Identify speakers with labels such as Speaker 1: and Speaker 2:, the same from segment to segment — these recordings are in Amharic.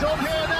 Speaker 1: Job here now.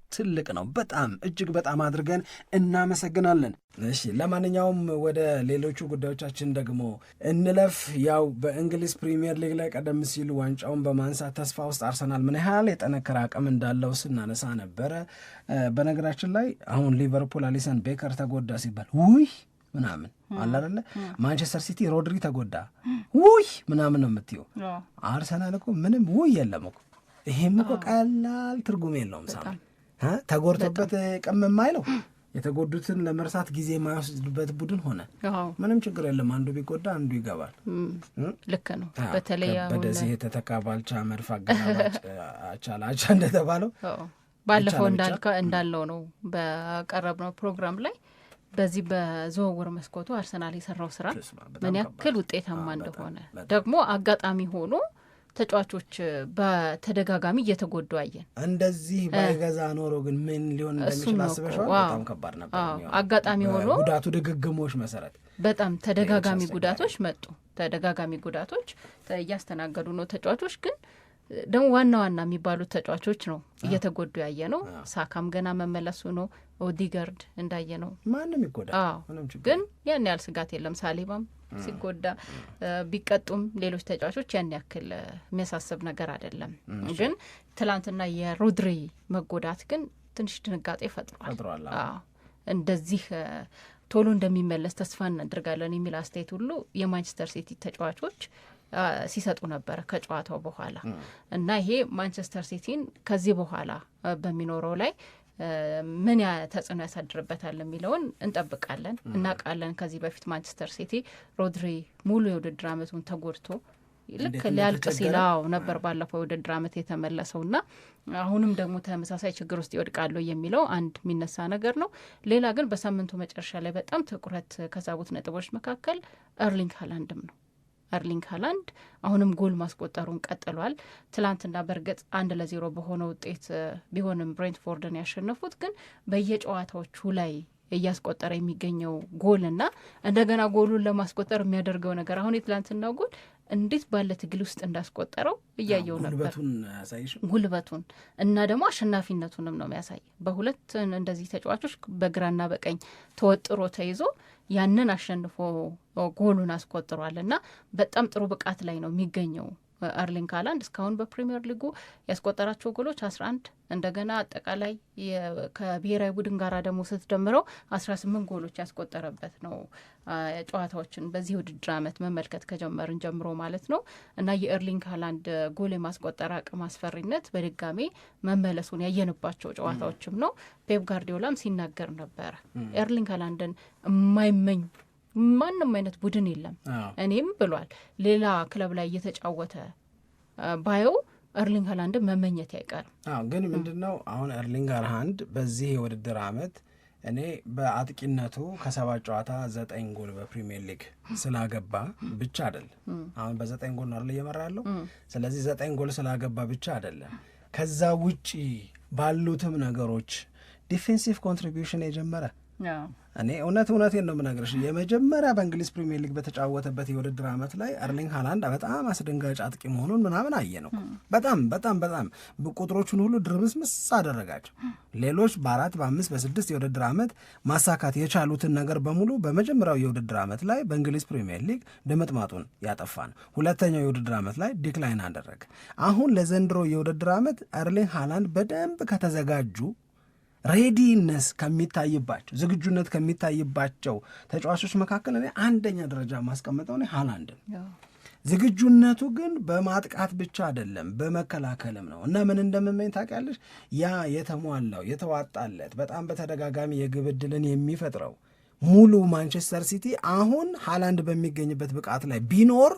Speaker 1: ትልቅ ነው። በጣም እጅግ በጣም አድርገን እናመሰግናለን። እሺ ለማንኛውም ወደ ሌሎቹ ጉዳዮቻችን ደግሞ እንለፍ። ያው በእንግሊዝ ፕሪምየር ሊግ ላይ ቀደም ሲል ዋንጫውን በማንሳት ተስፋ ውስጥ አርሰናል ምን ያህል የጠነከረ አቅም እንዳለው ስናነሳ ነበረ። በነገራችን ላይ አሁን ሊቨርፑል አሊሰን ቤከር ተጎዳ ሲባል ውይ ምናምን አላለ። ማንቸስተር ሲቲ ሮድሪ ተጎዳ ውይ ምናምን ነው የምትየው። አርሰናል እኮ ምንም ውይ የለም እኮ ይሄም እኮ ቀላል ትርጉም የለውም ሳም ተጎድቶበት ቀም የማይለው የተጎዱትን ለመርሳት ጊዜ የማይወስድበት ቡድን ሆነ። ምንም ችግር የለም። አንዱ ቢጎዳ አንዱ ይገባል። ልክ ነው። በተለይ በደዚህ የተተካ ባልቻ መድፍ አገናባጭ እንደተባለው
Speaker 2: ባለፈው እንዳልከው እንዳለው ነው በቀረብነው ፕሮግራም ላይ በዚህ በዝውውር መስኮቱ አርሰናል የሰራው ስራ ምን ያክል ውጤታማ እንደሆነ ደግሞ አጋጣሚ ሆኖ ተጫዋቾች በተደጋጋሚ እየተጎዱ አየን።
Speaker 1: እንደዚህ ባይገዛ ኖሮ ግን ምን ሊሆን እንደሚችል አስበሽዋል? በጣም ከባድ ነበር።
Speaker 2: አጋጣሚ ሆኖ
Speaker 1: ጉዳቱ ድግግሞች መሰረት
Speaker 2: በጣም ተደጋጋሚ ጉዳቶች መጡ። ተደጋጋሚ ጉዳቶች እያስተናገዱ ነው ተጫዋቾች ግን ደግሞ ዋና ዋና የሚባሉት ተጫዋቾች ነው እየተጎዱ ያየ ነው። ሳካም ገና መመለሱ ነው። ኦዲገርድ እንዳየ ነው። ማንም ይጎዳ። ግን ያን ያህል ስጋት የለም። ሳሊባም ሲጎዳ ቢቀጡም ሌሎች ተጫዋቾች ያን ያክል የሚያሳስብ ነገር አይደለም። ግን ትላንትና የሮድሪ መጎዳት ግን ትንሽ ድንጋጤ ፈጥሯል። እንደዚህ ቶሎ እንደሚመለስ ተስፋ እናደርጋለን የሚል አስተያየት ሁሉ የማንቸስተር ሲቲ ተጫዋቾች ሲሰጡ ነበር ከጨዋታው በኋላ እና ይሄ ማንቸስተር ሲቲን ከዚህ በኋላ በሚኖረው ላይ ምን ተጽዕኖ ያሳድርበታል የሚለውን እንጠብቃለን እናውቃለን። ከዚህ በፊት ማንቸስተር ሲቲ ሮድሪ ሙሉ የውድድር ዓመቱን ተጎድቶ ልክ ሊያልቅ ሲላው ነበር ባለፈው የውድድር ዓመት የተመለሰው እና አሁንም ደግሞ ተመሳሳይ ችግር ውስጥ ይወድቃሉ የሚለው አንድ የሚነሳ ነገር ነው። ሌላ ግን በሳምንቱ መጨረሻ ላይ በጣም ትኩረት ከሳቡት ነጥቦች መካከል እርሊንግ ሀላንድም ነው። አርሊንግ ሀላንድ አሁንም ጎል ማስቆጠሩን ቀጥሏል። ትላንትና በእርግጥ አንድ ለዜሮ በሆነ ውጤት ቢሆንም ብሬንትፎርድን ያሸነፉት ግን በየጨዋታዎቹ ላይ እያስቆጠረ የሚገኘው ጎልና እንደገና ጎሉን ለማስቆጠር የሚያደርገው ነገር አሁን የትላንትናው ጎል እንዴት ባለ ትግል ውስጥ እንዳስቆጠረው
Speaker 1: እያየው ነበር።
Speaker 2: ጉልበቱን እና ደግሞ አሸናፊነቱንም ነው የሚያሳይ። በሁለት እንደዚህ ተጫዋቾች በግራና በቀኝ ተወጥሮ ተይዞ ያንን አሸንፎ ጎሉን አስቆጥሯል እና በጣም ጥሩ ብቃት ላይ ነው የሚገኘው አርሊንግ ሃላንድ እስካሁን በፕሪምየር ሊጉ ያስቆጠራቸው ጎሎች አስራ አንድ እንደገና አጠቃላይ ከብሔራዊ ቡድን ጋር ደግሞ ስትደምረው አስራ ስምንት ጎሎች ያስቆጠረበት ነው። ጨዋታዎችን በዚህ ውድድር ዓመት መመልከት ከጀመርን ጀምሮ ማለት ነው እና የኤርሊንግ ሃላንድ ጎል የማስቆጠር አቅም አስፈሪነት በድጋሜ መመለሱን ያየንባቸው ጨዋታዎችም ነው። ፔፕ ጋርዲዮላም ሲናገር ነበረ ኤርሊንግ ሃላንድን የማይመኝ ማንም አይነት ቡድን የለም እኔም ብሏል። ሌላ ክለብ ላይ እየተጫወተ ባየው እርሊንግ ሀላንድ መመኘት አይቀርም።
Speaker 1: ግን ነው አሁን እርሊንግ ሀላንድ በዚህ የውድድር አመት እኔ በአጥቂነቱ ከሰባት ጨዋታ ዘጠኝ ጎል በፕሪሚየር ሊግ ስላገባ ብቻ አይደለም። አሁን በዘጠኝ ጎል ነው እየመራ ያለው። ስለዚህ ዘጠኝ ጎል ስላገባ ብቻ አይደለም፣ ከዛ ውጪ ባሉትም ነገሮች ዲፌንሲቭ ኮንትሪቢሽን የጀመረ እኔ እውነት እውነቴን ነው የምነግርሽ። የመጀመሪያ በእንግሊዝ ፕሪሚየር ሊግ በተጫወተበት የውድድር ዓመት ላይ አርሊንግ ሃላንድ በጣም አስደንጋጭ አጥቂ መሆኑን ምናምን አየ ነው። በጣም በጣም በጣም ቁጥሮቹን ሁሉ ድርምስምስ አደረጋቸው። ሌሎች በአራት በአምስት በስድስት የውድድር ዓመት ማሳካት የቻሉትን ነገር በሙሉ በመጀመሪያው የውድድር ዓመት ላይ በእንግሊዝ ፕሪሚየር ሊግ ድምጥማጡን ያጠፋ ነው። ሁለተኛው የውድድር ዓመት ላይ ዲክላይን አደረገ። አሁን ለዘንድሮ የውድድር ዓመት አርሊንግ ሃላንድ በደንብ ከተዘጋጁ ሬዲነስ ከሚታይባቸው ዝግጁነት ከሚታይባቸው ተጫዋቾች መካከል እኔ አንደኛ ደረጃ ማስቀመጠው እኔ ሃላንድን ዝግጁነቱ ግን በማጥቃት ብቻ አይደለም በመከላከልም ነው። እና ምን እንደምመኝ ታውቂያለሽ? ያ የተሟላው የተዋጣለት በጣም በተደጋጋሚ የግብ ዕድልን የሚፈጥረው ሙሉ ማንቸስተር ሲቲ አሁን ሃላንድ በሚገኝበት ብቃት ላይ ቢኖር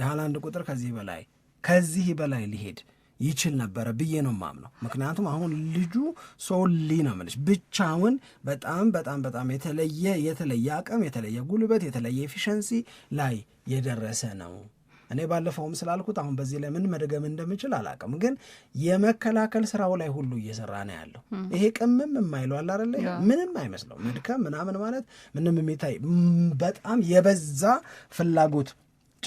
Speaker 1: የሃላንድ ቁጥር ከዚህ በላይ ከዚህ በላይ ሊሄድ ይችል ነበረ ብዬ ነው ማምነው። ምክንያቱም አሁን ልጁ ሶሊ ነው ምልሽ ብቻውን በጣም በጣም በጣም የተለየ የተለየ አቅም የተለየ ጉልበት የተለየ ኤፊሽንሲ ላይ የደረሰ ነው። እኔ ባለፈውም ስላልኩት አሁን በዚህ ላይ ምን መድገም እንደምችል አላቅም፣ ግን የመከላከል ስራው ላይ ሁሉ እየሰራ ነው ያለው። ይሄ ቅምም የማይለው አለ አይደለ? ምንም አይመስለው መድከም ምናምን ማለት ምንም የሚታይ በጣም የበዛ ፍላጎት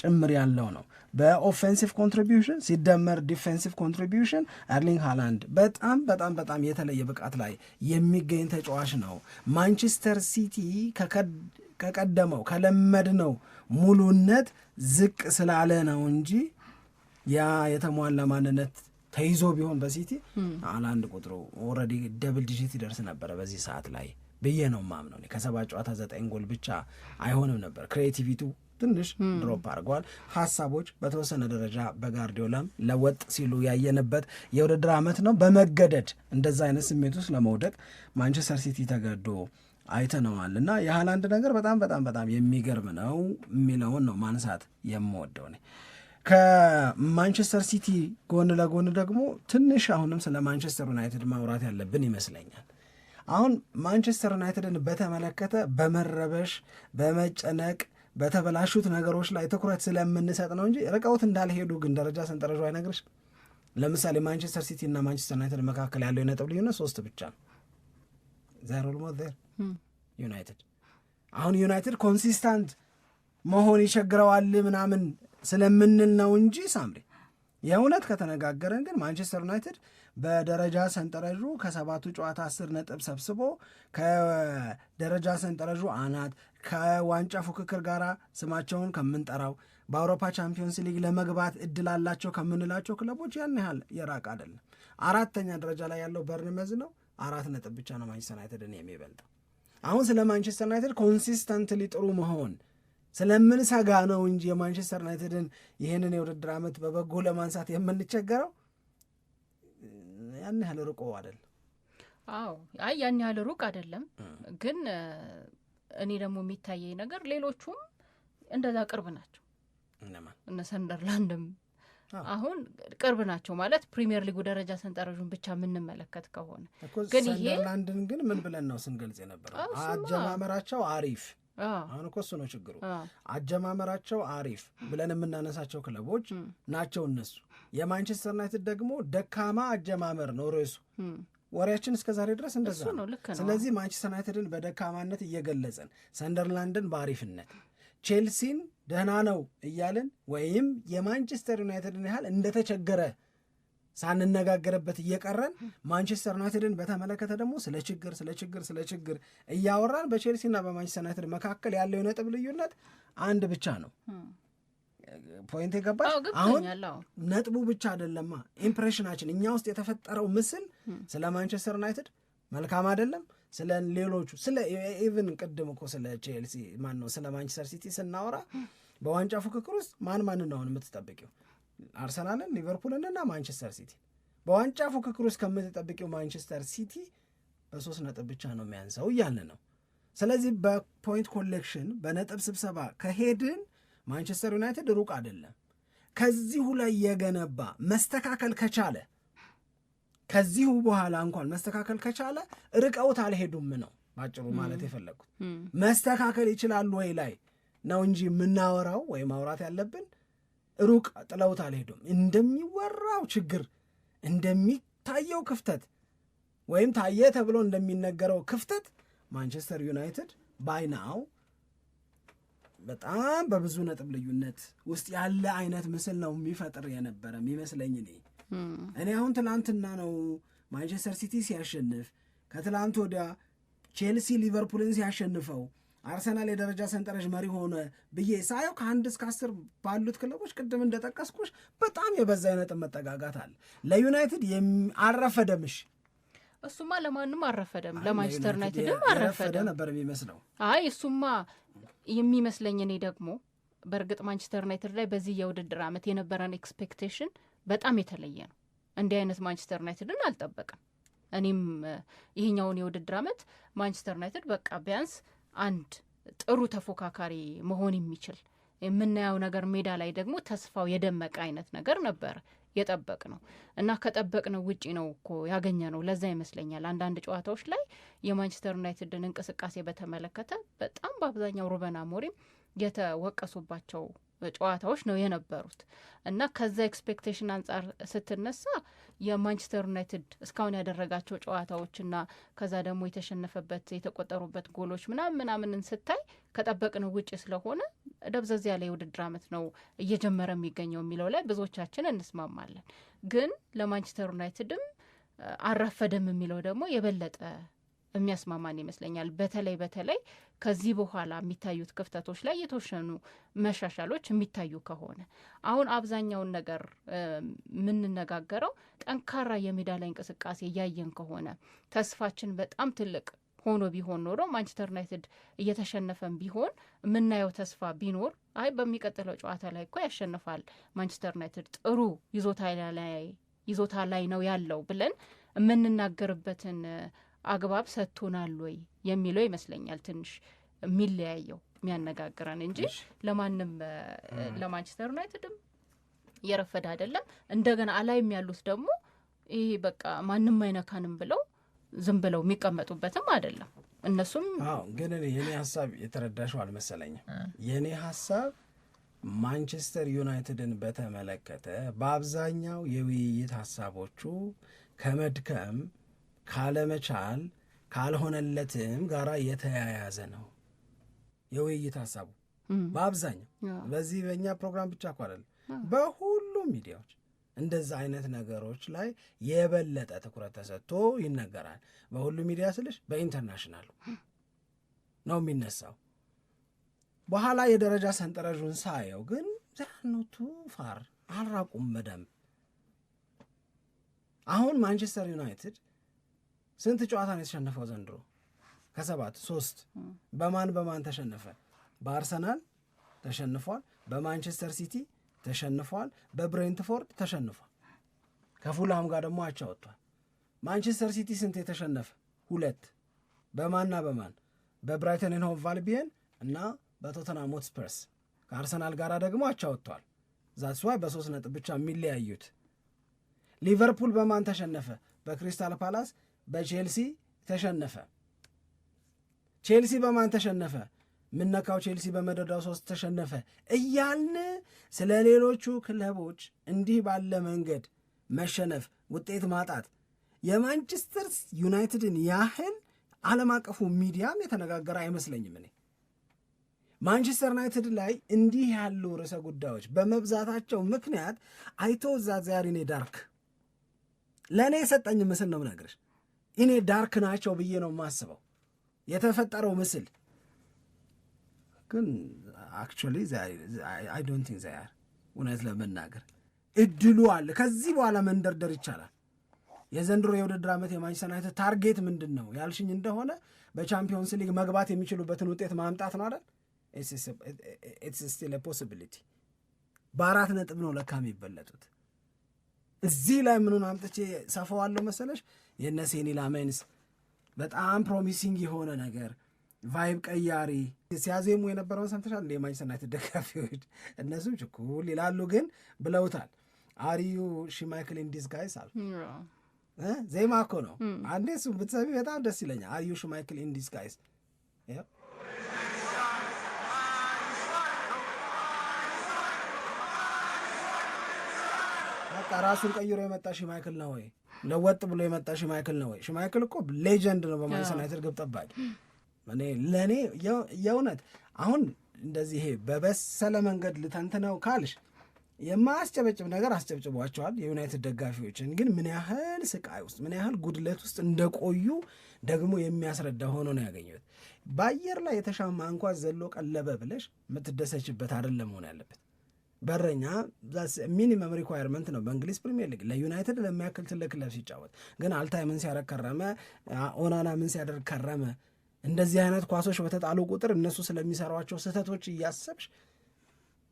Speaker 1: ጭምር ያለው ነው በኦፌንሲቭ ኮንትሪቢሽን ሲደመር ዲፌንሲቭ ኮንትሪቢሽን አርሊንግ ሃላንድ በጣም በጣም በጣም የተለየ ብቃት ላይ የሚገኝ ተጫዋች ነው። ማንቸስተር ሲቲ ከቀደመው ከለመድነው ሙሉነት ዝቅ ስላለ ነው እንጂ ያ የተሟላ ማንነት ተይዞ ቢሆን በሲቲ ሃላንድ ቁጥሩ ኦልሬዲ ደብል ዲጂት ይደርስ ነበረ በዚህ ሰዓት ላይ ብዬ ነው ማምነው። ከሰባት ጨዋታ ዘጠኝ ጎል ብቻ አይሆንም ነበር። ክሬቲቪቱ ትንሽ ድሮፕ አድርጓል። ሀሳቦች በተወሰነ ደረጃ በጋርዲዮላም ለወጥ ሲሉ ያየንበት የውድድር ዓመት ነው። በመገደድ እንደዛ አይነት ስሜት ውስጥ ለመውደቅ ማንቸስተር ሲቲ ተገዶ አይተነዋል እና የሃላንድ ነገር በጣም በጣም በጣም የሚገርም ነው የሚለውን ነው ማንሳት የምወደው እኔ። ከማንቸስተር ሲቲ ጎን ለጎን ደግሞ ትንሽ አሁንም ስለ ማንቸስተር ዩናይትድ ማውራት ያለብን ይመስለኛል። አሁን ማንቸስተር ዩናይትድን በተመለከተ በመረበሽ በመጨነቅ በተበላሹት ነገሮች ላይ ትኩረት ስለምንሰጥ ነው እንጂ ርቀውት እንዳልሄዱ ግን ደረጃ ሰንጠረዡ አይነግርሽም። ለምሳሌ ማንቸስተር ሲቲ እና ማንቸስተር ዩናይትድ መካከል ያለው የነጥብ ልዩነት ሶስት ብቻ ነው። ዩናይትድ አሁን ዩናይትድ ኮንሲስታንት መሆን ይቸግረዋል ምናምን ስለምንል ነው እንጂ ሳምሪ የእውነት ከተነጋገረን ግን ማንቸስተር ዩናይትድ በደረጃ ሰንጠረዡ ከሰባቱ ጨዋታ አስር ነጥብ ሰብስቦ ከደረጃ ሰንጠረዡ አናት ከዋንጫ ፉክክር ጋር ስማቸውን ከምንጠራው በአውሮፓ ቻምፒዮንስ ሊግ ለመግባት እድል አላቸው ከምንላቸው ክለቦች ያን ያህል የራቅ አይደለም። አራተኛ ደረጃ ላይ ያለው በርንመዝ ነው። አራት ነጥብ ብቻ ነው ማንቸስተር ዩናይትድን የሚበልጠው። አሁን ስለ ማንቸስተር ዩናይትድ ኮንሲስተንትሊ ጥሩ መሆን ስለምን ሰጋ ነው እንጂ የማንቸስተር ዩናይትድን ይህንን የውድድር ዓመት በበጎ ለማንሳት የምንቸገረው ያን ያህል ሩቆ አይደለም።
Speaker 2: አዎ፣ አይ ያን ያህል ሩቅ አይደለም ግን እኔ ደግሞ የሚታየኝ ነገር ሌሎቹም እንደዛ ቅርብ ናቸው። እነ ሰንደርላንድም አሁን ቅርብ ናቸው ማለት ፕሪሚየር ሊጉ ደረጃ ሰንጠረዡን ብቻ የምንመለከት ከሆነ
Speaker 1: ግን ይሄ ሰንደርላንድን ግን ምን ብለን ነው ስንገልጽ የነበረው? አጀማመራቸው አሪፍ አሁን እኮ እሱ ነው ችግሩ። አጀማመራቸው አሪፍ ብለን የምናነሳቸው ክለቦች ናቸው እነሱ። የማንቸስተር ዩናይትድ ደግሞ ደካማ አጀማመር ነው ርዕሱ ወሬያችን እስከ ዛሬ ድረስ እንደዛ ነው። ስለዚህ ማንቸስተር ዩናይትድን በደካማነት እየገለጸን፣ ሰንደርላንድን በአሪፍነት ቼልሲን ደህና ነው እያልን ወይም የማንቸስተር ዩናይትድን ያህል እንደተቸገረ ሳንነጋገርበት እየቀረን ማንቸስተር ዩናይትድን በተመለከተ ደግሞ ስለ ችግር ስለ ችግር ስለ ችግር እያወራን በቼልሲና በማንቸስተር ዩናይትድ መካከል ያለው የነጥብ ልዩነት አንድ ብቻ ነው።
Speaker 2: ፖይንት የገባች አሁን
Speaker 1: ነጥቡ ብቻ አይደለማ፣ ኢምፕሬሽናችን እኛ ውስጥ የተፈጠረው ምስል ስለ ማንቸስተር ዩናይትድ መልካም አይደለም። ስለ ሌሎቹ ስለ ኢቭን ቅድም እኮ ስለ ቼልሲ ማን ነው ስለ ማንቸስተር ሲቲ ስናወራ በዋንጫ ፉክክር ውስጥ ማን ማን ነው አሁን የምትጠብቂው? አርሰናልን፣ ሊቨርፑልን እና ማንቸስተር ሲቲ በዋንጫ ፉክክር ውስጥ ከምትጠብቂው ማንቸስተር ሲቲ በሶስት ነጥብ ብቻ ነው የሚያንሰው እያልን ነው። ስለዚህ በፖይንት ኮሌክሽን በነጥብ ስብሰባ ከሄድን ማንቸስተር ዩናይትድ ሩቅ አይደለም። ከዚሁ ላይ የገነባ መስተካከል ከቻለ ከዚሁ በኋላ እንኳን መስተካከል ከቻለ ርቀውት አልሄዱም ነው ባጭሩ ማለት የፈለግኩት። መስተካከል ይችላሉ ወይ ላይ ነው እንጂ የምናወራው ወይ ማውራት ያለብን ሩቅ ጥለውት አልሄዱም። እንደሚወራው ችግር እንደሚታየው ክፍተት ወይም ታየ ተብሎ እንደሚነገረው ክፍተት ማንቸስተር ዩናይትድ ባይናው በጣም በብዙ ነጥብ ልዩነት ውስጥ ያለ አይነት ምስል ነው የሚፈጥር የነበረ የሚመስለኝ። እኔ እኔ አሁን ትላንትና ነው ማንቸስተር ሲቲ ሲያሸንፍ፣ ከትላንት ወዲያ ቼልሲ ሊቨርፑልን ሲያሸንፈው፣ አርሰናል የደረጃ ሰንጠረዥ መሪ ሆነ ብዬ ሳየው ከአንድ እስከ አስር ባሉት ክለቦች ቅድም እንደጠቀስኩሽ በጣም የበዛ ነጥብ መጠጋጋት አለ። ለዩናይትድ አረፈ ደምሽ
Speaker 2: እሱማ ለማንም አረፈደም፣ ለማንቸስተር ዩናይትድም አረፈደ ነበር የሚመስለው። አይ እሱማ የሚመስለኝ እኔ ደግሞ በእርግጥ ማንቸስተር ዩናይትድ ላይ በዚህ የውድድር ዓመት የነበረን ኤክስፔክቴሽን በጣም የተለየ ነው። እንዲህ አይነት ማንቸስተር ዩናይትድን አልጠበቅም። እኔም ይህኛውን የውድድር ዓመት ማንቸስተር ዩናይትድ በቃ ቢያንስ አንድ ጥሩ ተፎካካሪ መሆን የሚችል የምናየው ነገር ሜዳ ላይ ደግሞ ተስፋው የደመቀ አይነት ነገር ነበር የጠበቅ ነው እና ከጠበቅ ነው ውጪ ነው እኮ ያገኘ ነው። ለዛ ይመስለኛል አንዳንድ ጨዋታዎች ላይ የማንቸስተር ዩናይትድን እንቅስቃሴ በተመለከተ በጣም በአብዛኛው ሩበን አሞሪም የተወቀሱባቸው ጨዋታዎች ነው የነበሩት እና ከዛ ኤክስፔክቴሽን አንጻር ስትነሳ የማንቸስተር ዩናይትድ እስካሁን ያደረጋቸው ጨዋታዎችና ከዛ ደግሞ የተሸነፈበት የተቆጠሩበት ጎሎች ምናምን ምናምንን ስታይ ከጠበቅነው ውጭ ስለሆነ ደብዘዝ ያለ የውድድር ዓመት ነው እየጀመረ የሚገኘው የሚለው ላይ ብዙዎቻችን እንስማማለን። ግን ለማንቸስተር ዩናይትድም አረፈደም የሚለው ደግሞ የበለጠ የሚያስማማን ይመስለኛል። በተለይ በተለይ ከዚህ በኋላ የሚታዩት ክፍተቶች ላይ የተወሰኑ መሻሻሎች የሚታዩ ከሆነ አሁን አብዛኛውን ነገር የምንነጋገረው ጠንካራ የሜዳ ላይ እንቅስቃሴ እያየን ከሆነ ተስፋችን በጣም ትልቅ ሆኖ ቢሆን ኖሮ ማንቸስተር ዩናይትድ እየተሸነፈን ቢሆን የምናየው ተስፋ ቢኖር አይ በሚቀጥለው ጨዋታ ላይ እኮ ያሸንፋል ማንቸስተር ዩናይትድ ጥሩ ይዞታ ላይ ይዞታ ላይ ነው ያለው ብለን የምንናገርበትን አግባብ ሰጥቶናል ወይ የሚለው ይመስለኛል ትንሽ የሚለያየው የሚያነጋግረን እንጂ ለማንም ለማንቸስተር ዩናይትድም የረፈደ አይደለም። እንደገና አላይም ያሉት ደግሞ ይሄ በቃ ማንም አይነካንም ብለው ዝም ብለው የሚቀመጡበትም አይደለም።
Speaker 1: እነሱም አዎ። ግን እኔ የኔ ሀሳብ የተረዳሽው አልመሰለኝም። የእኔ ሀሳብ ማንቸስተር ዩናይትድን በተመለከተ በአብዛኛው የውይይት ሀሳቦቹ ከመድከም ካለመቻል ካልሆነለትም ጋራ የተያያዘ ነው። የውይይት ሀሳቡ በአብዛኛው በዚህ በእኛ ፕሮግራም ብቻ እኮ አይደለም በሁሉም ሚዲያዎች እንደዛ አይነት ነገሮች ላይ የበለጠ ትኩረት ተሰጥቶ ይነገራል። በሁሉ ሚዲያ ስልሽ በኢንተርናሽናል ነው የሚነሳው። በኋላ የደረጃ ሰንጠረዥን ሳየው ግን ዛኖቱ ፋር አልራቁም በደንብ አሁን ማንቸስተር ዩናይትድ ስንት ጨዋታ ነው የተሸነፈው ዘንድሮ? ከሰባት ሶስት። በማን በማን ተሸነፈ? በአርሰናል ተሸንፏል። በማንቸስተር ሲቲ ተሸንፏል። በብሬንትፎርድ ተሸንፏል። ከፉልሃም ጋር ደግሞ አቻ ወጥቷል። ማንቸስተር ሲቲ ስንት የተሸነፈ ሁለት በማንና በማን በብራይተን ኤንድ ሆቭ አልቢየን እና በቶተንሃም ሆትስፐርስ ከአርሰናል ጋር ደግሞ አቻ ወጥቷል። ዛትስ ዋይ በሶስት ነጥብ ብቻ የሚለያዩት። ሊቨርፑል በማን ተሸነፈ? በክሪስታል ፓላስ በቼልሲ ተሸነፈ። ቼልሲ በማን ተሸነፈ? ምነካው ቼልሲ በመደዳው ሶስት ተሸነፈ እያልን ስለ ሌሎቹ ክለቦች እንዲህ ባለ መንገድ መሸነፍ፣ ውጤት ማጣት የማንቸስተር ዩናይትድን ያህል ዓለም አቀፉ ሚዲያም የተነጋገረ አይመስለኝም። እኔ ማንቸስተር ዩናይትድ ላይ እንዲህ ያሉ ርዕሰ ጉዳዮች በመብዛታቸው ምክንያት አይቶ ዚያር ኢኔ ዳርክ ለእኔ የሰጠኝ ምስል ነው ምነግርሽ። ኢኔ ዳርክ ናቸው ብዬ ነው የማስበው የተፈጠረው ምስል ግን አክቹዋሊ አይ ዶንት ቲንክ ዘያር እውነት ለመናገር እድሉ አለ። ከዚህ በኋላ መንደርደር ይቻላል። የዘንድሮ የውድድር ዓመት የማንቸስተር ዩናይትድ ታርጌት ምንድን ነው ያልሽኝ እንደሆነ በቻምፒዮንስ ሊግ መግባት የሚችሉበትን ውጤት ማምጣት ነው አይደል? ኢትስ ስቲል ፖሲቢሊቲ። በአራት ነጥብ ነው ለካ የሚበለጡት። እዚህ ላይ ምኑን አምጥቼ ሰፋዋለሁ መሰለሽ የነ ሴኒ ላሜንስ በጣም ፕሮሚሲንግ የሆነ ነገር ቫይብ ቀያሪ ሲያዜሙ የነበረውን ሰምተሻል እንደ የማንቸስተር ዩናይትድ ደጋፊዎች እነሱም ችኩል ይላሉ፣ ግን ብለውታል። አሪዩ ሽማይክል ኢንዲስ ጋይስ አሉ። ዜማ እኮ ነው። አንዴ እሱም ብትሰሚ በጣም ደስ ይለኛል። አሪዩ ሽማይክል ኢን ዲስጋይዝ ራሱን ቀይሮ የመጣ ሽማይክል ነው ወይ? ለወጥ ብሎ የመጣ ሽማይክል ነው ወይ? ሽማይክል እኮ ሌጀንድ ነው በማንቸስተር ዩናይትድ ግብ ጠባቂ ለእኔ የእውነት አሁን እንደዚህ ይሄ በበሰለ መንገድ ልተንትነው ካልሽ የማያስጨበጭብ ነገር አስጨብጭቧቸዋል። የዩናይትድ ደጋፊዎችን ግን ምን ያህል ስቃይ ውስጥ ምን ያህል ጉድለት ውስጥ እንደቆዩ ደግሞ የሚያስረዳ ሆኖ ነው ያገኘሁት። በአየር ላይ የተሻማ እንኳ ዘሎ ቀለበ ብለሽ የምትደሰችበት አይደለም መሆን ያለበት። በረኛ ሚኒመም ሪኳየርመንት ነው በእንግሊዝ ፕሪሚየር ሊግ ለዩናይትድ ለሚያክል ትልቅ ክለብ ሲጫወት። ግን ምን ሲያደርግ ከረመ፣ ኦናና ምን ሲያደርግ ከረመ እንደዚህ አይነት ኳሶች በተጣሉ ቁጥር እነሱ ስለሚሰሯቸው ስህተቶች እያሰብሽ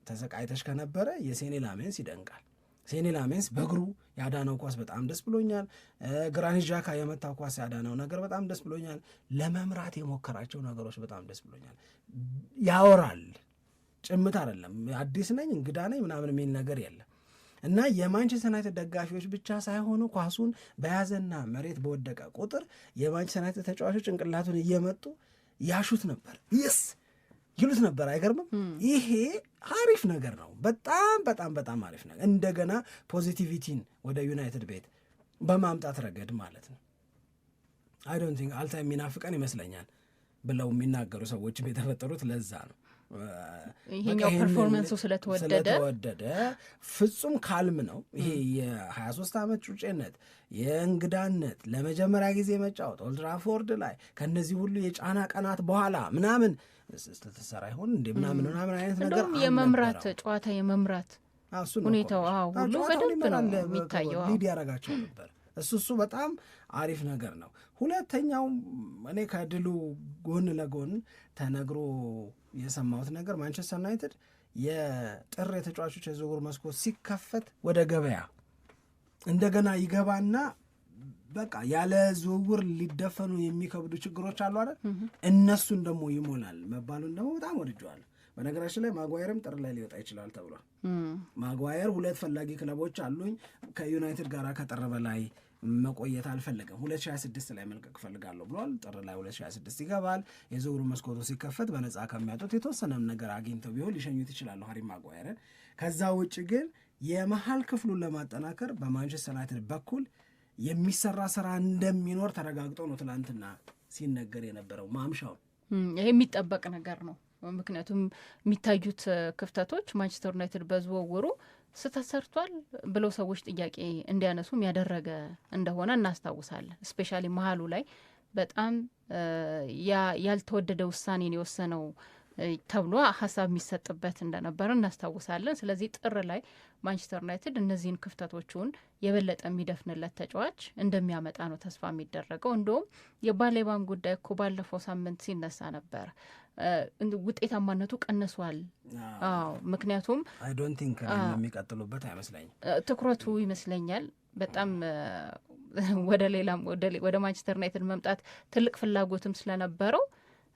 Speaker 1: ተሰቃይተሽ ከነበረ የሴኔ ላሜንስ ይደንቃል። ሴኔ ላሜንስ በእግሩ ያዳነው ኳስ በጣም ደስ ብሎኛል። ግራኒት ዣካ የመታው ኳስ ያዳነው ነገር በጣም ደስ ብሎኛል። ለመምራት የሞከራቸው ነገሮች በጣም ደስ ብሎኛል። ያወራል ጭምት አይደለም። አዲስ ነኝ እንግዳ ነኝ ምናምን የሚል ነገር የለም። እና የማንቸስተር ዩናይትድ ደጋፊዎች ብቻ ሳይሆኑ ኳሱን በያዘና መሬት በወደቀ ቁጥር የማንቸስተር ዩናይትድ ተጫዋቾች ጭንቅላቱን እየመጡ ያሹት ነበር፣ ይስ ይሉት ነበር። አይገርምም? ይሄ አሪፍ ነገር ነው። በጣም በጣም በጣም አሪፍ ነገር እንደገና ፖዚቲቪቲን ወደ ዩናይትድ ቤት በማምጣት ረገድ ማለት ነው። አይ ዶንት ቲንክ አልታ የሚናፍቀን ይመስለኛል ብለው የሚናገሩ ሰዎችም የተፈጠሩት ለዛ ነው።
Speaker 2: ይሄኛው ፐርፎርመንሱ ስለተወደደ
Speaker 1: ፍጹም ካልም ነው። ይሄ የ23 ዓመት ጩጬነት የእንግዳነት ለመጀመሪያ ጊዜ መጫወት ኦልድራፎርድ ላይ ከእነዚህ ሁሉ የጫና ቀናት በኋላ ምናምን ስለተሰራ ይሆን እንደ ምናምን
Speaker 2: ምናምን አይነት ነገር የመምራት ጨዋታ የመምራት ሁኔታው
Speaker 1: ሁሉ በደንብ ነው የሚታየው ሊድ ያረጋቸው ነበር እሱ እሱ በጣም አሪፍ ነገር ነው። ሁለተኛው እኔ ከድሉ ጎን ለጎን ተነግሮ የሰማሁት ነገር ማንቸስተር ዩናይትድ የጥር የተጫዋቾች የዝውውር መስኮት ሲከፈት ወደ ገበያ እንደገና ይገባና በቃ ያለ ዝውውር ሊደፈኑ የሚከብዱ ችግሮች አሉ አይደል? እነሱን ደግሞ ይሞላል መባሉን ደግሞ በጣም ወድጀዋለሁ። በነገራችን ላይ ማጓየርም ጥር ላይ ሊወጣ ይችላል ተብሏል። ማጓየር ሁለት ፈላጊ ክለቦች አሉኝ ከዩናይትድ ጋር ከጥር በላይ መቆየት አልፈለገም። 2026 ላይ መልቀቅ ፈልጋለሁ ብሏል። ጥር ላይ 2026 ይገባል። የዝውውሩ መስኮቱ ሲከፈት በነፃ ከሚያጡት የተወሰነም ነገር አግኝተው ቢሆን ሊሸኙት ይችላሉ ሀሪ ማጓየርን። ከዛ ውጭ ግን የመሀል ክፍሉን ለማጠናከር በማንቸስተር ዩናይትድ በኩል የሚሰራ ስራ እንደሚኖር ተረጋግጦ ነው ትላንትና ሲነገር የነበረው ማምሻውን።
Speaker 2: ይሄ የሚጠበቅ ነገር ነው። ምክንያቱም የሚታዩት ክፍተቶች ማንቸስተር ዩናይትድ በዝውውሩ ስህተት ሰርቷል ብለው ሰዎች ጥያቄ እንዲያነሱም ያደረገ እንደሆነ እናስታውሳለን። እስፔሻሊ መሀሉ ላይ በጣም ያልተወደደ ውሳኔን የወሰነው ተብሎ ሀሳብ የሚሰጥበት እንደነበረ እናስታውሳለን። ስለዚህ ጥር ላይ ማንቸስተር ዩናይትድ እነዚህን ክፍተቶቹን የበለጠ የሚደፍንለት ተጫዋች እንደሚያመጣ ነው ተስፋ የሚደረገው። እንዲሁም የባሌባም ጉዳይ እኮ ባለፈው ሳምንት ሲነሳ ነበር። ውጤታማነቱ ቀንሷል። አዎ ምክንያቱም
Speaker 1: አይ ዶንት ቲንክ የሚቀጥሉበት አይመስለኝም።
Speaker 2: ትኩረቱ ይመስለኛል በጣም ወደ ሌላም ወደ ማንቸስተር ዩናይትድ መምጣት ትልቅ ፍላጎትም ስለነበረው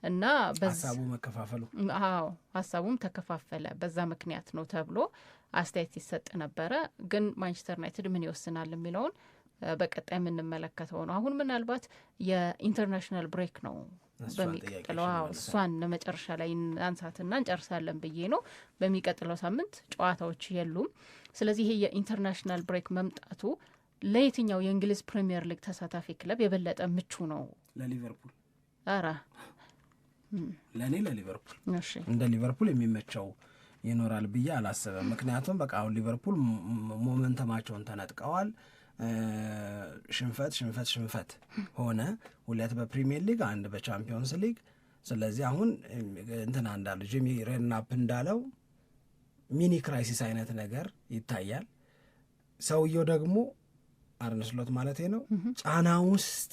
Speaker 1: እና ሀሳቡ መከፋፈሉ
Speaker 2: አዎ ሀሳቡም ተከፋፈለ። በዛ ምክንያት ነው ተብሎ አስተያየት ሲሰጥ ነበረ። ግን ማንቸስተር ዩናይትድ ምን ይወስናል የሚለውን በቀጣይ የምንመለከተው ነው። አሁን ምናልባት የኢንተርናሽናል ብሬክ ነው በሚቀጥለው እሷን ለመጨረሻ ላይ አንሳትና እንጨርሳለን ብዬ ነው። በሚቀጥለው ሳምንት ጨዋታዎች የሉም። ስለዚህ ይሄ የኢንተርናሽናል ብሬክ መምጣቱ ለየትኛው የእንግሊዝ ፕሪምየር ሊግ ተሳታፊ ክለብ የበለጠ ምቹ ነው? ለሊቨርፑል። አራ
Speaker 1: ለእኔ ለሊቨርፑል እንደ ሊቨርፑል የሚመቸው ይኖራል ብዬ አላስበም ምክንያቱም በቃ አሁን ሊቨርፑል ሞመንተማቸውን ተነጥቀዋል። ሽንፈት ሽንፈት ሽንፈት ሆነ። ሁለት በፕሪሚየር ሊግ፣ አንድ በቻምፒዮንስ ሊግ። ስለዚህ አሁን እንትና እንዳለ ጂሚ ሬድናፕ እንዳለው ሚኒ ክራይሲስ አይነት ነገር ይታያል። ሰውየው ደግሞ አርነ ስሎት ማለት ነው ጫና ውስጥ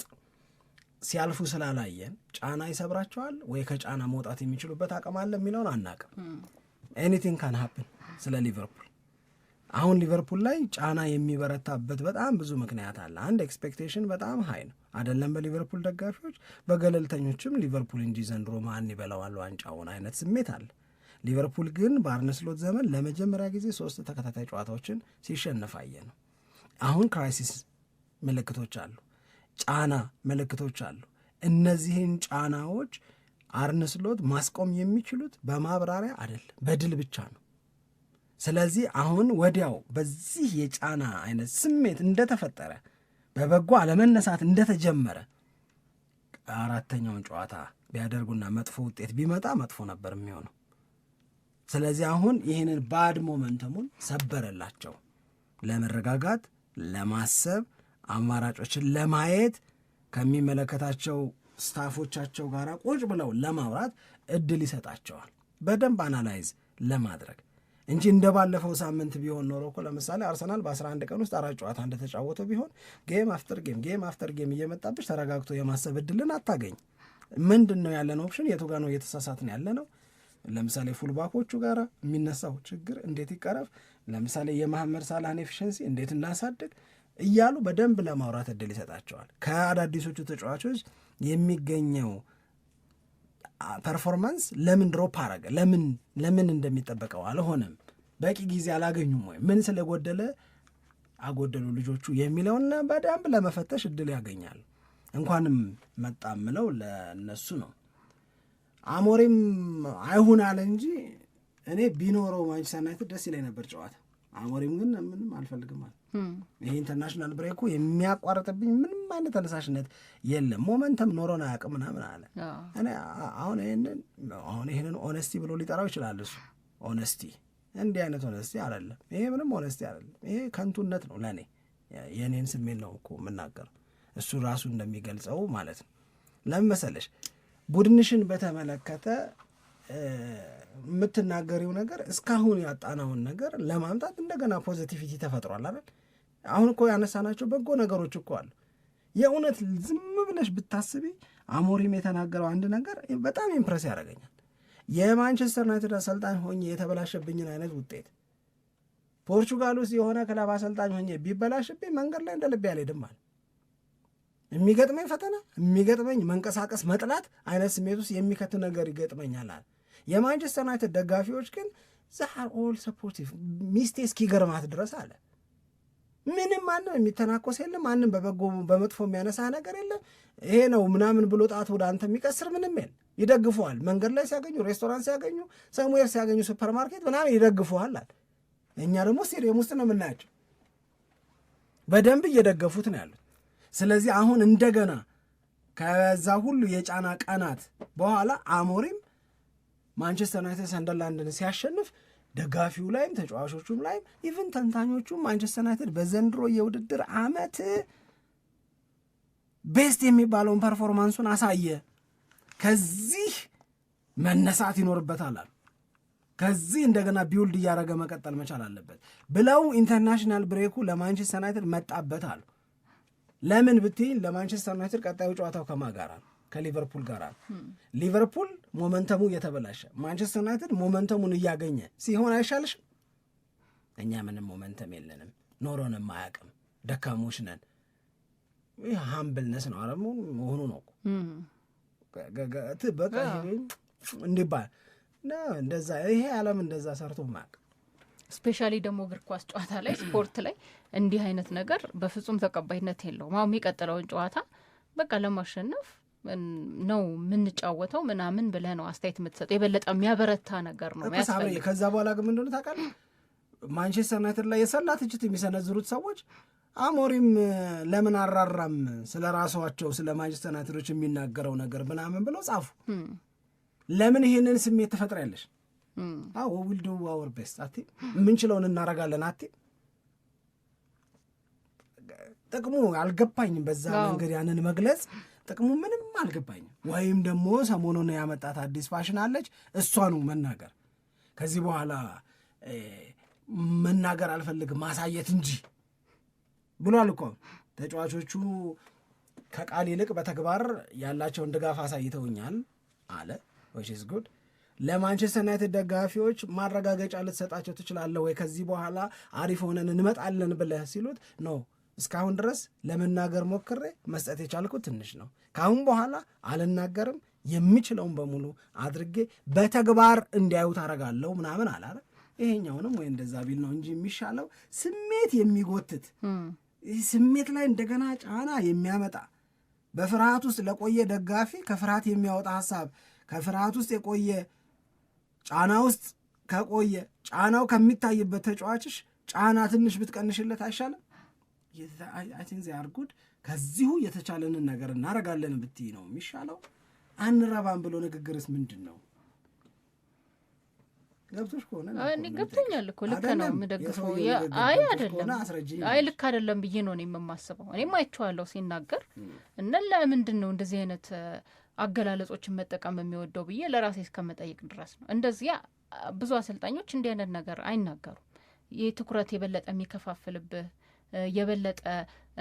Speaker 1: ሲያልፉ ስላላየን ጫና ይሰብራቸዋል ወይ ከጫና መውጣት የሚችሉበት አቅም አለ የሚለውን አናቅም። ኤኒቲንግ ካን ሀፕን ስለ ሊቨርፑል አሁን ሊቨርፑል ላይ ጫና የሚበረታበት በጣም ብዙ ምክንያት አለ። አንድ ኤክስፔክቴሽን በጣም ሀይ ነው አይደለም፣ በሊቨርፑል ደጋፊዎች በገለልተኞችም ሊቨርፑል እንጂ ዘንድሮ ማን ይበለዋል ዋንጫውን አይነት ስሜት አለ። ሊቨርፑል ግን በአርነ ስሎት ዘመን ለመጀመሪያ ጊዜ ሶስት ተከታታይ ጨዋታዎችን ሲሸነፍ አየ ነው። አሁን ክራይሲስ ምልክቶች አሉ፣ ጫና ምልክቶች አሉ። እነዚህን ጫናዎች አርነ ስሎት ማስቆም የሚችሉት በማብራሪያ አይደለም፣ በድል ብቻ ነው። ስለዚህ አሁን ወዲያው በዚህ የጫና አይነት ስሜት እንደተፈጠረ በበጎ አለመነሳት እንደተጀመረ አራተኛውን ጨዋታ ቢያደርጉና መጥፎ ውጤት ቢመጣ መጥፎ ነበር የሚሆነው። ስለዚህ አሁን ይህንን ባድ ሞመንተሙን ሰበረላቸው። ለመረጋጋት፣ ለማሰብ፣ አማራጮችን ለማየት ከሚመለከታቸው ስታፎቻቸው ጋር ቁጭ ብለው ለማውራት እድል ይሰጣቸዋል። በደንብ አናላይዝ ለማድረግ እንጂ እንደ ባለፈው ሳምንት ቢሆን ኖሮ እኮ ለምሳሌ አርሰናል በ11 ቀን ውስጥ አራት ጨዋታ እንደተጫወተ ቢሆን ጌም አፍተር ጌም ጌም አፍተር ጌም እየመጣብሽ ተረጋግቶ የማሰብ እድልን አታገኝ። ምንድን ነው ያለን ኦፕሽን? የቱ ጋ ነው እየተሳሳት ነው ያለ ነው? ለምሳሌ ፉልባኮቹ ጋር የሚነሳው ችግር እንዴት ይቀረፍ፣ ለምሳሌ የመሐመድ ሳላህን ኤፊሽንሲ እንዴት እናሳድግ እያሉ በደንብ ለማውራት እድል ይሰጣቸዋል። ከአዳዲሶቹ ተጫዋቾች የሚገኘው ፐርፎርማንስ ለምን ድሮፕ አረገ? ለምን ለምን እንደሚጠበቀው አልሆነም? በቂ ጊዜ አላገኙም ወይ? ምን ስለጎደለ አጎደሉ ልጆቹ የሚለውን በደንብ ለመፈተሽ እድል ያገኛል። እንኳንም መጣ ምለው ለነሱ ነው። አሞሪም አይሁን አለ እንጂ እኔ ቢኖረው ማንቸስተር ዩናይትድ ደስ ይለኝ ነበር ጨዋታ። አሞሪም ግን ምንም አልፈልግም አለ። ይህ ኢንተርናሽናል ብሬኩ የሚያቋርጥብኝ ምንም አይነት ተነሳሽነት የለም፣ ሞመንተም ኖሮን አያውቅም ምናምን አለ። አሁን ይህንን አሁን ይህንን ኦነስቲ ብሎ ሊጠራው ይችላል። እሱ ኦነስቲ እንዲህ አይነት ኦነስቲ አይደለም። ይሄ ምንም ኦነስቲ አይደለም። ይሄ ከንቱነት ነው። ለእኔ የእኔን ስሜት ነው እኮ የምናገር እሱ ራሱ እንደሚገልጸው ማለት ነው። ለምን መሰለሽ ቡድንሽን በተመለከተ የምትናገሪው ነገር እስካሁን ያጣናውን ነገር ለማምጣት እንደገና ፖዘቲቪቲ ተፈጥሯል አይደል? አሁን እኮ ያነሳናቸው በጎ ነገሮች እኮ አሉ። የእውነት ዝም ብለሽ ብታስቢ አሞሪም የተናገረው አንድ ነገር በጣም ኢምፕረስ ያደርገኛል። የማንቸስተር ዩናይትድ አሰልጣኝ ሆኜ የተበላሸብኝን አይነት ውጤት ፖርቹጋል ውስጥ የሆነ ክለብ አሰልጣኝ ሆኜ ቢበላሽብኝ መንገድ ላይ እንደ ልቤ አልሄድም አለ። የሚገጥመኝ ፈተና የሚገጥመኝ መንቀሳቀስ መጥላት አይነት ስሜት ውስጥ የሚከት ነገር ይገጥመኛል አለ። የማንቸስተር ዩናይትድ ደጋፊዎች ግን ዛር ኦል ሰፖርቲቭ ሚስቴ እስኪገርማት ድረስ አለ ምንም ማንም የሚተናኮስ የለም። ማንም በበጎ በመጥፎ የሚያነሳ ነገር የለም። ይሄ ነው ምናምን ብሎ ጣት ወደ አንተ የሚቀስር ምንም የለ። ይደግፈዋል። መንገድ ላይ ሲያገኙ፣ ሬስቶራንት ሲያገኙ፣ ሰሙዌር ሲያገኙ፣ ማርኬት ምናምን ይደግፈዋል አለ። እኛ ደግሞ ስቴዲየም ውስጥ ነው የምናያቸው። በደንብ እየደገፉት ነው ያሉት። ስለዚህ አሁን እንደገና ከዛ ሁሉ የጫና ቀናት በኋላ አሞሪም ማንቸስተር ዩናይትድ ሰንደርላንድን ሲያሸንፍ ደጋፊው ላይም ተጫዋቾቹም ላይም ኢቨን ተንታኞቹም ማንቸስተር ዩናይትድ በዘንድሮ የውድድር አመት ቤስት የሚባለውን ፐርፎርማንሱን አሳየ፣ ከዚህ መነሳት ይኖርበታል አሉ። ከዚህ እንደገና ቢውልድ እያደረገ መቀጠል መቻል አለበት ብለው ኢንተርናሽናል ብሬኩ ለማንቸስተር ዩናይትድ መጣበት አሉ። ለምን ብትይ ለማንቸስተር ዩናይትድ ቀጣዩ ጨዋታው ከማ ጋር ነው? ከሊቨርፑል ጋር ነው። ሊቨርፑል ሞመንተሙ እየተበላሸ ማንቸስተር ዩናይትድ ሞመንተሙን እያገኘ ሲሆን አይሻልሽም? እኛ ምንም ሞመንተም የለንም፣ ኖሮንም አያውቅም፣ ደካሞች ነን። ይህ ሀምብልነስ ነው አረሙ መሆኑ ነው በቃ እንዲባል እንደዛ ይሄ አለም እንደዛ ሰርቶ ማቅ
Speaker 2: ስፔሻሊ ደግሞ እግር ኳስ ጨዋታ ላይ ስፖርት ላይ እንዲህ አይነት ነገር በፍጹም ተቀባይነት የለውም። አሁን የሚቀጥለውን ጨዋታ በቃ ለማሸነፍ ነው የምንጫወተው ምናምን ብለህ ነው አስተያየት የምትሰጠው። የበለጠ የሚያበረታ ነገር ነው
Speaker 1: ያስፈልግ። ከዛ በኋላ ግን ምንድነው ታውቃለህ፣ ማንቸስተር ዩናይትድ ላይ የሰላ ትችት የሚሰነዝሩት ሰዎች አሞሪም ለምን አራራም ስለ ራሷቸው ስለ ማንቸስተር ዩናይትዶች የሚናገረው ነገር ምናምን ብለው ጻፉ። ለምን ይሄንን ስሜት ትፈጥሪያለሽ? አዎ ዊል ዱ አወር ቤስት አቴ የምንችለውን እናረጋለን አቴ ጥቅሙ አልገባኝም። በዛ መንገድ ያንን መግለጽ ጥቅሙ ምን አልገባኝም። ወይም ደግሞ ሰሞኑን ያመጣት አዲስ ፋሽን አለች፣ ነው መናገር ከዚህ በኋላ መናገር አልፈልግም ማሳየት እንጂ ብሏል እኮ ተጫዋቾቹ ከቃል ይልቅ በተግባር ያላቸውን ድጋፍ አሳይተውኛል አለ። ጉድ። ለማንቸስተር ዩናይትድ ደጋፊዎች ማረጋገጫ ልትሰጣቸው ትችላለህ ወይ? ከዚህ በኋላ አሪፍ ሆነን እንመጣለን ብለህ ሲሉት ነው እስካሁን ድረስ ለመናገር ሞክሬ መስጠት የቻልኩ ትንሽ ነው። ከአሁን በኋላ አልናገርም፣ የሚችለውን በሙሉ አድርጌ በተግባር እንዲያዩት አረጋለሁ ምናምን አላለ። ይሄኛውንም ወይ እንደዛ ቢል ነው እንጂ የሚሻለው ስሜት የሚጎትት ስሜት ላይ እንደገና ጫና የሚያመጣ በፍርሃት ውስጥ ለቆየ ደጋፊ ከፍርሃት የሚያወጣ ሀሳብ ከፍርሃት ውስጥ የቆየ ጫና ውስጥ ከቆየ ጫናው ከሚታይበት ተጫዋችሽ ጫና ትንሽ ብትቀንሽለት አይሻልም? ቲንክ ዚ አር ጉድ ከዚሁ የተቻለንን ነገር እናረጋለን ብትይ ነው የሚሻለው። አንረባን ብሎ ንግግርስ ምንድን ነው? ገብቶሽ ከሆነ
Speaker 2: ገብቶኛል እኮ ልክ ነው የምደግፈው። አይ አይ ልክ አደለም ብዬ ነው እኔም የምማስበው። እኔም አይቼዋለሁ ሲናገር እና ለምንድን ነው እንደዚህ አይነት አገላለጾችን መጠቀም የሚወደው ብዬ ለራሴ እስከመጠየቅ ድረስ ነው። እንደዚያ ብዙ አሰልጣኞች እንዲህ አይነት ነገር አይናገሩም። ይህ ትኩረት የበለጠ የሚከፋፍልብህ የበለጠ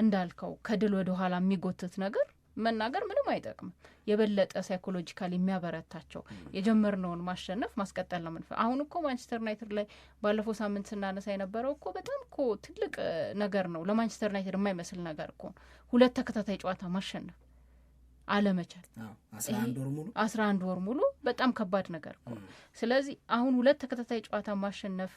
Speaker 2: እንዳልከው ከድል ወደ ኋላ የሚጎትት ነገር መናገር ምንም አይጠቅምም። የበለጠ ሳይኮሎጂካል የሚያበረታቸው የጀመርነውን ማሸነፍ ማስቀጠል ነው ምንፈ አሁን እኮ ማንቸስተር ዩናይትድ ላይ ባለፈው ሳምንት ስናነሳ የነበረው እኮ በጣም እኮ ትልቅ ነገር ነው ለማንቸስተር ዩናይትድ የማይመስል ነገር እኮ ሁለት ተከታታይ ጨዋታ ማሸነፍ አለመቻል አስራ አንድ ወር ሙሉ በጣም ከባድ ነገር እኮ። ስለዚህ አሁን ሁለት ተከታታይ ጨዋታ ማሸነፍ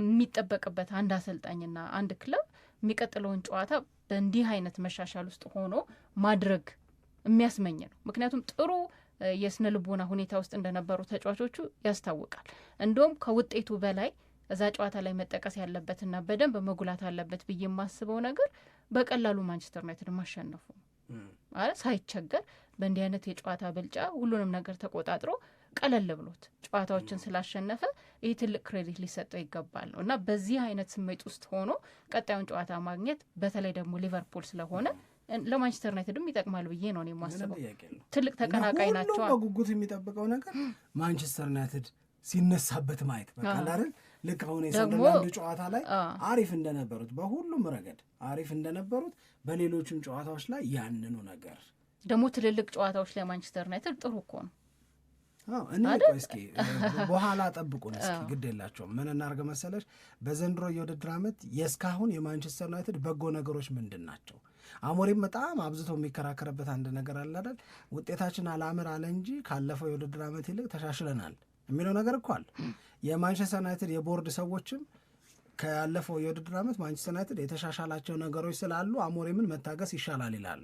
Speaker 2: የሚጠበቅበት አንድ አሰልጣኝና አንድ ክለብ የሚቀጥለውን ጨዋታ በእንዲህ አይነት መሻሻል ውስጥ ሆኖ ማድረግ የሚያስመኝ ነው። ምክንያቱም ጥሩ የስነ ልቦና ሁኔታ ውስጥ እንደነበሩ ተጫዋቾቹ ያስታውቃል። እንደውም ከውጤቱ በላይ እዛ ጨዋታ ላይ መጠቀስ ያለበትና በደንብ መጉላት አለበት ብዬ የማስበው ነገር በቀላሉ ማንቸስተር ዩናይትድ ማሸነፉ ማለት ሳይቸገር በእንዲህ አይነት የጨዋታ ብልጫ ሁሉንም ነገር ተቆጣጥሮ ቀለል ብሎት ጨዋታዎችን ስላሸነፈ ይህ ትልቅ ክሬዲት ሊሰጠው ይገባል ነው እና በዚህ አይነት ስሜት ውስጥ ሆኖ ቀጣዩን ጨዋታ ማግኘት በተለይ ደግሞ ሊቨርፑል ስለሆነ ለማንቸስተር ዩናይትድም ይጠቅማል ብዬ ነው የማስበው። ትልቅ ተቀናቃይ ናቸው።
Speaker 1: በጉጉት የሚጠብቀው ነገር ማንቸስተር ዩናይትድ ሲነሳበት ማየት በቃል ልክ አሁን የሰንደርላንዱ ጨዋታ ላይ አሪፍ እንደነበሩት በሁሉም ረገድ አሪፍ እንደነበሩት በሌሎችም ጨዋታዎች ላይ ያንኑ ነገር
Speaker 2: ደግሞ ትልልቅ ጨዋታዎች ላይ ማንቸስተር ዩናይትድ ጥሩ እኮ ነው
Speaker 1: እኔ እስኪ በኋላ ጠብቁን እስኪ ግድ የላቸውም። ምን እናርገ መሰለች በዘንድሮ የውድድር ዓመት የእስካሁን የማንቸስተር ዩናይትድ በጎ ነገሮች ምንድን ናቸው? አሞሪም በጣም አብዝቶ የሚከራከርበት አንድ ነገር አለ አይደል? ውጤታችን አላምር አለ እንጂ ካለፈው የውድድር ዓመት ይልቅ ተሻሽለናል የሚለው ነገር እኮ አለ። የማንቸስተር ዩናይትድ የቦርድ ሰዎችም ካለፈው የውድድር ዓመት ማንቸስተር ዩናይትድ የተሻሻላቸው ነገሮች ስላሉ አሞሪምን መታገስ ይሻላል ይላሉ።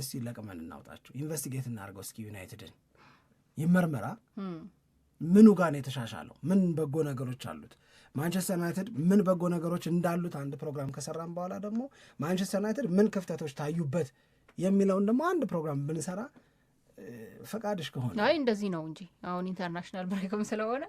Speaker 1: እስቲ ለቅመን እናውጣቸው፣ ኢንቨስቲጌት እናርገው እስኪ ዩናይትድን ይመርመራ። ምኑ ጋር ነው የተሻሻለው? ምን በጎ ነገሮች አሉት? ማንቸስተር ዩናይትድ ምን በጎ ነገሮች እንዳሉት አንድ ፕሮግራም ከሰራን በኋላ ደግሞ ማንቸስተር ዩናይትድ ምን ክፍተቶች ታዩበት የሚለውን ደግሞ አንድ ፕሮግራም ብንሰራ ፈቃድሽ ከሆነ
Speaker 2: አይ እንደዚህ ነው እንጂ አሁን ኢንተርናሽናል ብሬክም ስለሆነ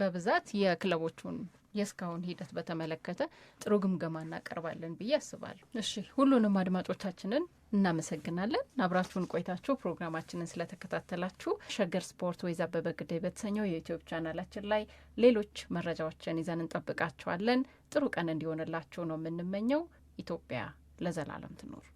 Speaker 2: በብዛት የክለቦቹን የእስካሁን ሂደት በተመለከተ ጥሩ ግምገማ እናቀርባለን ብዬ አስባለሁ። እሺ ሁሉንም አድማጮቻችንን እናመሰግናለን። አብራችሁን ቆይታችሁ ፕሮግራማችንን ስለተከታተላችሁ ሸገር ስፖርት ወይዛ አበበ ግደይ በተሰኘው የዩትዩብ ቻናላችን ላይ ሌሎች መረጃዎችን ይዘን እንጠብቃችኋለን። ጥሩ ቀን እንዲሆንላችሁ ነው የምንመኘው። ኢትዮጵያ ለዘላለም ትኖር።